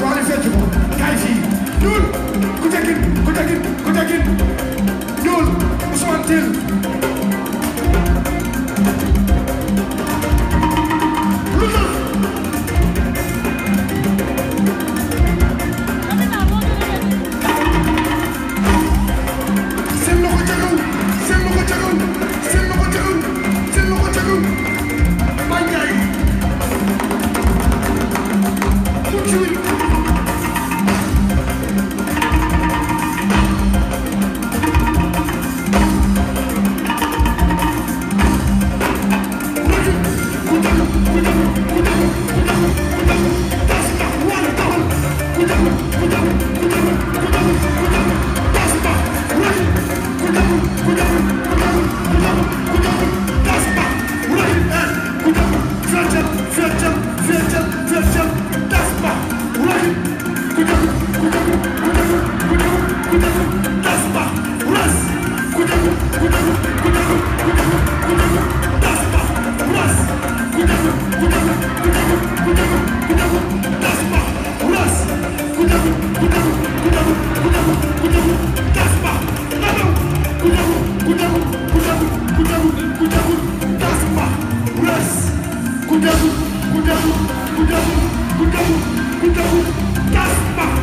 kaay feccu kaay fii ñuul ku teggin ku teggin ku teggin ñuul Ousmane Thiel ku dëggu ku dëggu ku dëggu ku dëggu tas ba